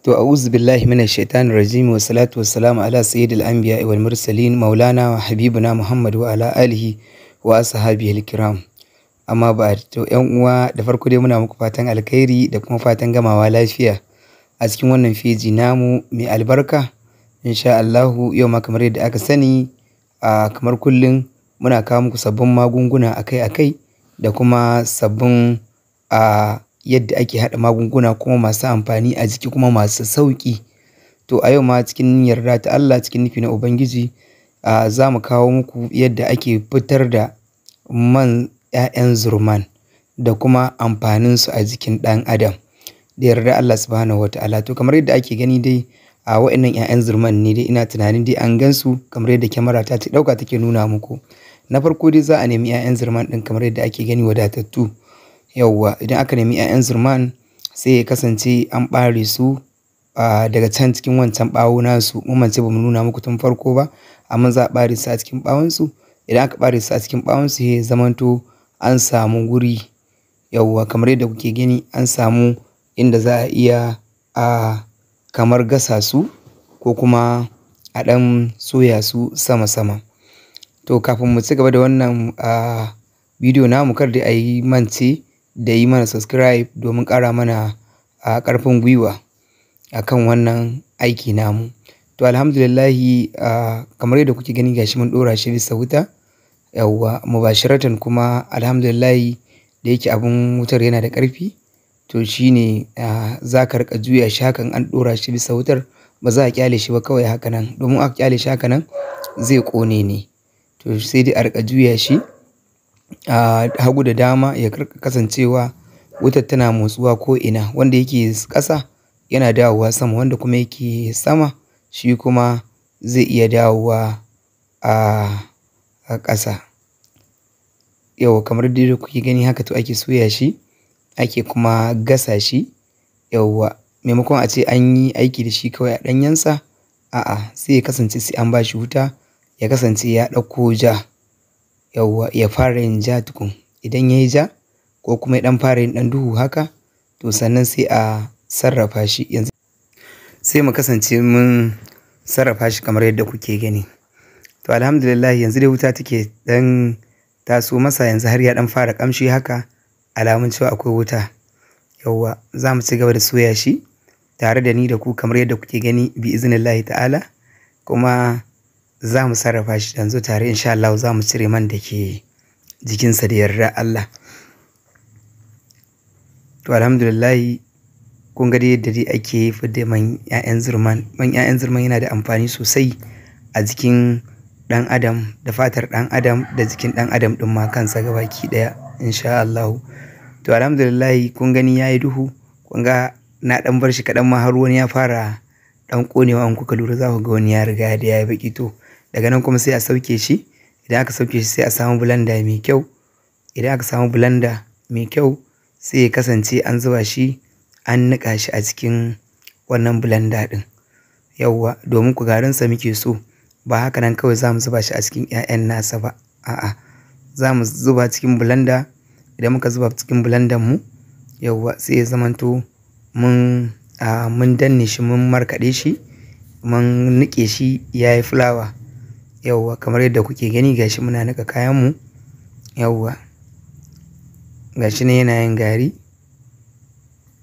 To a'udhu billahi minash shaitanir rajim wa salatu wa salamu ala sayyidil anbiya wal mursalin maulana wa habibuna Muhammad wa ala alihi wa ashabihi kiram. Amma ba to ƴan uwa da farko dai muna muku fatan alkhairi da kuma fatan gamawa lafiya a cikin wannan feji namu mai albarka. Insha Allahu yau ma kamar yadda aka sani a kamar kullum muna kawo muku sabbin magunguna akai-akai da kuma sabbin a yadda ake haɗa magunguna kuma masu amfani a jiki kuma masu sauƙi. To a yau ma cikin yarda ta Allah cikin nufi na Ubangiji, za mu kawo muku yadda ake fitar da man 'ya'yan zurman da kuma amfaninsu a jikin ɗan adam. Da yarda Allah subhanahu wata’ala To kamar yadda ake gani dai a wa'innan 'ya'yan zurman ne dai ina tunanin dai an gansu. kamar yadda kyamara ta ɗauka take nuna muku. Na farko dai za a nemi 'ya'yan zurman ɗin kamar yadda ake gani wadatattu. Yauwa idan aka nemi 'ya'yan zurman sai ya kasance an ɓare su daga can cikin wancan ɓawo nasu. Mun mance ba mu nuna muku tun farko ba amma za a ɓare su a cikin ɓawonsu. Idan aka ɓare su a cikin ɓawonsu ya zamanto an samu guri yauwa kamar yadda kuke gani an samu inda za a iya a kamar gasa su ko kuma a ɗan soya su sama sama. To kafin mu ci gaba da wannan bidiyo namu kar dai a yi mance da yi mana subscribe domin ƙara mana a ƙarfin gwiwa a kan wannan aiki namu. To alhamdulillahi kamar yadda kuke gani gashi mun ɗora shi bisa wuta yawwa mubashiratan kuma alhamdulillahi da yake abun wutar yana da ƙarfi to shine za ka riƙa juya shi hakan an ɗora shi bisa wutar ba za a ƙyale shi ba kawai haka nan domin a ƙyale shi haka nan zai ƙone ne to sai dai a riƙa juya shi a hagu da dama ya kasancewa wutar tana motsuwa ko ina wanda yake ƙasa yana dawowa sama wanda kuma yake sama shi kuma zai iya dawowa a ƙasa. Yauwa kamar dai da kuke gani haka to ake soya shi ake kuma gasa shi yauwa maimakon a ce an yi aiki da shi kawai a ɗanyensa a'a sai ya kasance sai an ba shi wuta ya kasance ya ɗauko ja. Yawwa ya fara yin ja tukun. Idan ya yi ja ko kuma ya ɗan fara yin ɗan duhu haka to sannan sai a sarrafa shi yanzu. Sai mu kasance mun sarrafa shi kamar yadda kuke gani. To alhamdulillah yanzu dai wuta take ta taso masa yanzu har ya dan fara kamshi haka alamun cewa akwai wuta. Yauwa za mu ci gaba da soya shi tare da ni da ku kamar yadda kuke gani bi iznillahi ta'ala kuma za mu sarrafa shi yanzu tare insha Allah za mu cire man da ke jikinsa da yarda Allah to alhamdulillah kun ga yadda dai ake fidda man 'ya'yan zurman man 'ya'yan zurman yana da amfani sosai a jikin ɗan adam da fatar ɗan adam da jikin ɗan adam ɗin ma kansa gabaki ɗaya insha Allah to alhamdulillah kun gani yayi duhu kun ga na ɗan bar shi kaɗan ma har wani ya fara ɗan konewa in kuka lura za ku ga wani ya riga da ya baki to daga nan kuma sai a sauke shi idan aka sauke shi sai a samu blender mai kyau idan aka samu blender mai kyau sai ya kasance an zuba shi an nika shi a cikin wannan blender din. Yawwa, domin ku kugarinsa muke so ba haka nan kawai za mu zuba shi a cikin 'ya'yan nasa ba a'a za mu zuba cikin blender idan muka zuba cikin blender mu yawwa sai ya zamanto mun ah, mun danne shi mun markaɗe shi mun nike shi yayi yi fulawa Yawwa kamar yadda kuke gani gashi muna nika kayanmu Yawwa gashi ne yana yin gari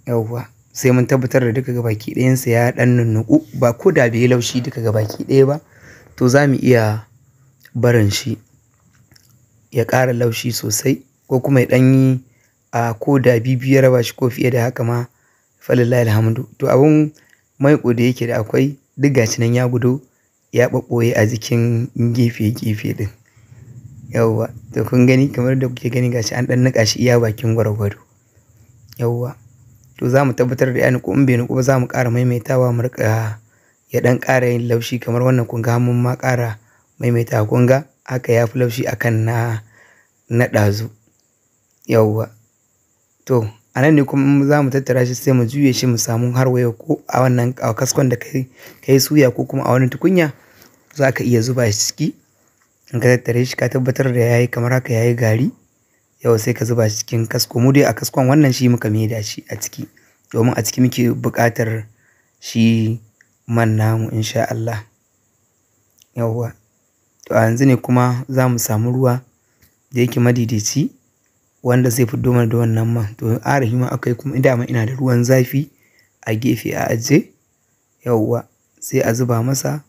Yawwa sai mun tabbatar da duka gabaki ɗayansa ya ɗan nunnuku ba ko da bai laushi duka gabaki ɗaya ba to za mu iya barin shi ya ƙara laushi sosai ko kuma ya ɗan yi a ko da bibiyar ya shi ko fiye da haka ma falillahi alhamdu to abun mai da yake da akwai duk gashi nan ya gudu ya ɓaɓɓoye a jikin gefe-gefe ɗin. Yawwa. to kun gani kamar da kuke gani gashi an ɗan naka shi iya bakin gwargwado. Yawwa. to za mu tabbatar da ya ko in bai ba za mu ƙara maimaitawa mu riƙa ya ɗan ƙara yin laushi kamar wannan kun ga mun ma ƙara maimaitawa kun ga haka ya fi laushi akan na na ɗazu. Yawwa. to a nan ne kuma za mu tattara shi sai mu juye shi mu samu har waya ko a wannan kaskon da ka yi suya ko kuma a wani tukunya za ka iya zuba shi ciki in ka tattare shi ka tabbatar da yayi kamar haka yayi gari yau sai ka zuba shi cikin kasko mu dai a kaskon wannan shi muka da shi a ciki domin a ciki muke buƙatar shi man namu insha Allah Yauwa. to a yanzu ne kuma za mu samu ruwa da yake madaidaici wanda zai fito mana da wannan man to arahi ma akai kuma dama ina da ruwan zafi a gefe a aje yauwa sai a zuba masa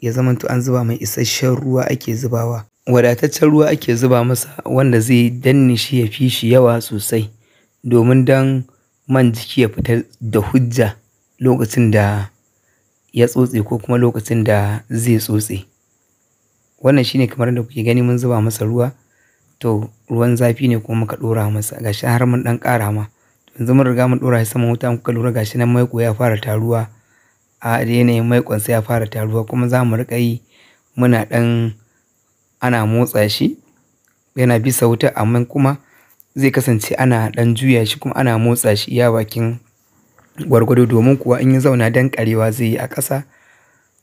ya zamanto an zuba mai isasshen ruwa ake zubawa wadataccen ruwa ake zuba masa wanda zai danne shi ya fi shi yawa sosai domin dan man jiki ya fitar da hujja lokacin da ya tsotse ko kuma lokacin da zai tsotse wannan shine kamar da kuke gani mun zuba masa ruwa to ruwan zafi ne kuma muka ɗora masa gashi har mun dan kara ma yanzu mun riga mun ɗora shi saman wuta muka lura gashi nan maiko ya fara taruwa a yanayin maiƙon sai ya fara taruwa kuma za mu riƙa yi muna ɗan ana motsa shi yana bisa wuta amma kuma zai kasance ana ɗan juya shi kuma ana motsa shi iya bakin gwargwado domin kuwa in ya zauna dan karewa zai yi a ƙasa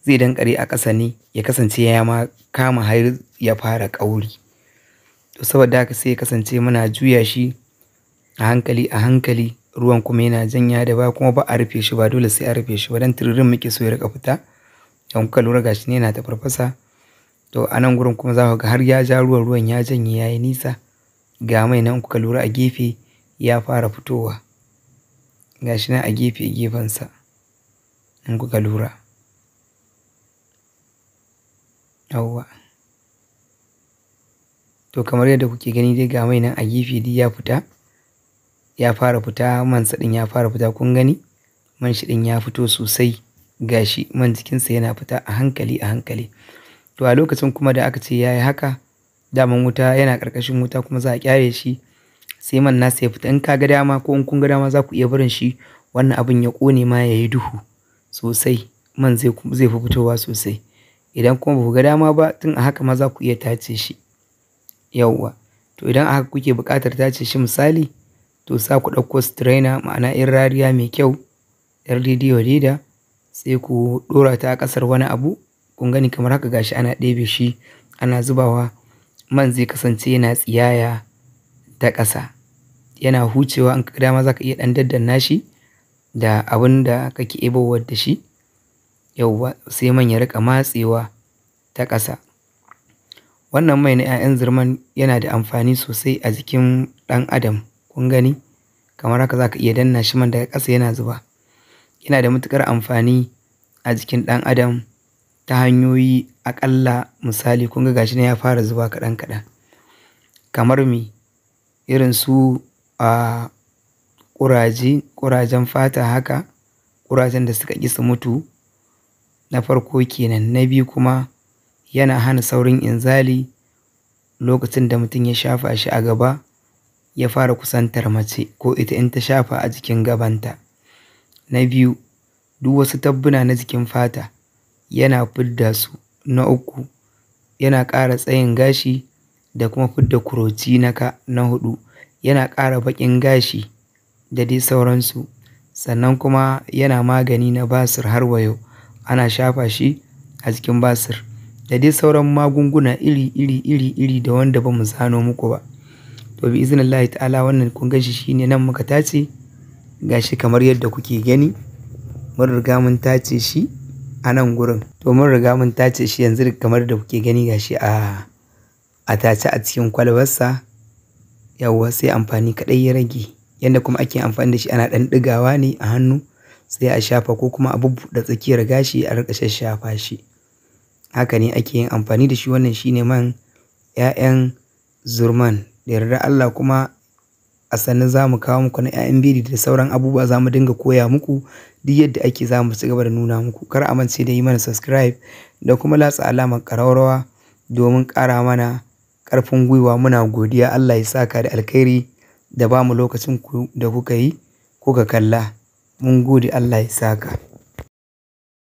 zai dan kare a ƙasa ne ya kasance ya ma kama har ya fara ƙauri to saboda haka sai ya kasance muna juya shi a hankali a hankali ruwan kuma yana janya da ba kuma ba a rufe shi ba dole sai a rufe shi ba dan tururin muke so ya rika fita don kuka lura gashi ne yana ta to a nan gurin kuma za ku ga har ya ja ruwan ruwan ya janye ya yi nisa ga mai nan kuka lura a gefe ya fara fitowa gashi nan a gefe gefensa in kuka lura wow. To kamar yadda kuke gani dai ga mai nan a gefe duk ya fita, ya fara fita man sadin ya fara fita kun gani man shi ɗin ya fito sosai gashi man jikinsa yana fita a hankali a hankali. To a lokacin kuma da aka ce yayi yi haka daman wuta yana karkashin wuta kuma za a kyare shi sai man nasa ya fita in ka ga dama ko in kun ga dama za ku iya barin shi wannan abin ya kone ma yayi duhu sosai man zai fi fitowa sosai idan kuma ba ku ga dama ba tun a haka ma za ku iya tace shi. Yawwa, to idan aka kuke buƙatar ta ce shi misali to sa ku ɗauko strainer ma'ana yan rariya mai kyau yar rediyo leda sai ku ɗora ta ƙasar wani abu kun gani kamar haka gashi ana ɗebe shi ana zubawa man zai kasance yana tsiyaya ta ƙasa yana hucewa in ka dama za ka iya ɗan daddanna shi da abin da kake ibowar da shi yauwa sai man ya riƙa matsewa ta ƙasa Wannan mai na 'ya'yan zirman yana da amfani sosai a jikin ɗan adam kun gani kamar haka za ka iya danna shi man daga ƙasa yana zuba. Yana da matuƙar amfani a jikin ɗan adam ta hanyoyi aƙalla misali kun ga gashi na ya fara zuba kaɗan kaɗan. Kamar mi, Irin su a ƙuraje, ƙurajen fata haka, ƙurajen da suka ƙi mutu na farko kenan. Na biyu kuma yana hana saurin inzali lokacin da mutum ya shafa shi a gaba ya fara kusantar mace ko ita in ta shafa a jikin gabanta. Na biyu, duk wasu tabbuna na jikin fata yana fidda su. Na uku, yana ƙara tsayin gashi da kuma fidda na naka. Na huɗu, yana ƙara baƙin gashi da dai sauransu. Sannan kuma yana magani na basir har wayo, ana shafa shi a jikin basir. da dai sauran magunguna iri iri iri iri da wanda ba mu zano muku ba. To bi Allah ta'ala wannan kun ganshi shine nan muka tace gashi kamar yadda kuke gani mun riga mun tace shi a nan gurin. To mun riga mun tace shi yanzu kamar da kuke gani gashi a a tace a cikin kwalbarsa yawwa sai amfani kaɗai ya rage yadda kuma ake amfani da shi ana ɗan ɗigawa ne a hannu sai a shafa ko kuma a bubbuɗe tsakiyar gashi a riƙa shashafa shi. haka ne ake yin amfani da shi. Wannan shi ne man 'ya'yan zurman. Da yarda Allah kuma a sannan za mu kawo muku na 'ya'yan biri da sauran abubuwa za mu dinga koya muku duk yadda ake za mu ci gaba da nuna muku. Kar a mance da yi mana subscribe da kuma latsa alamar ƙararrawa domin kara mana karfin gwiwa. Muna godiya Allah ya sa ka da alkhairi da ba mu lokacin ku da kuka yi kuka kalla. Mun gode Allah ya saka.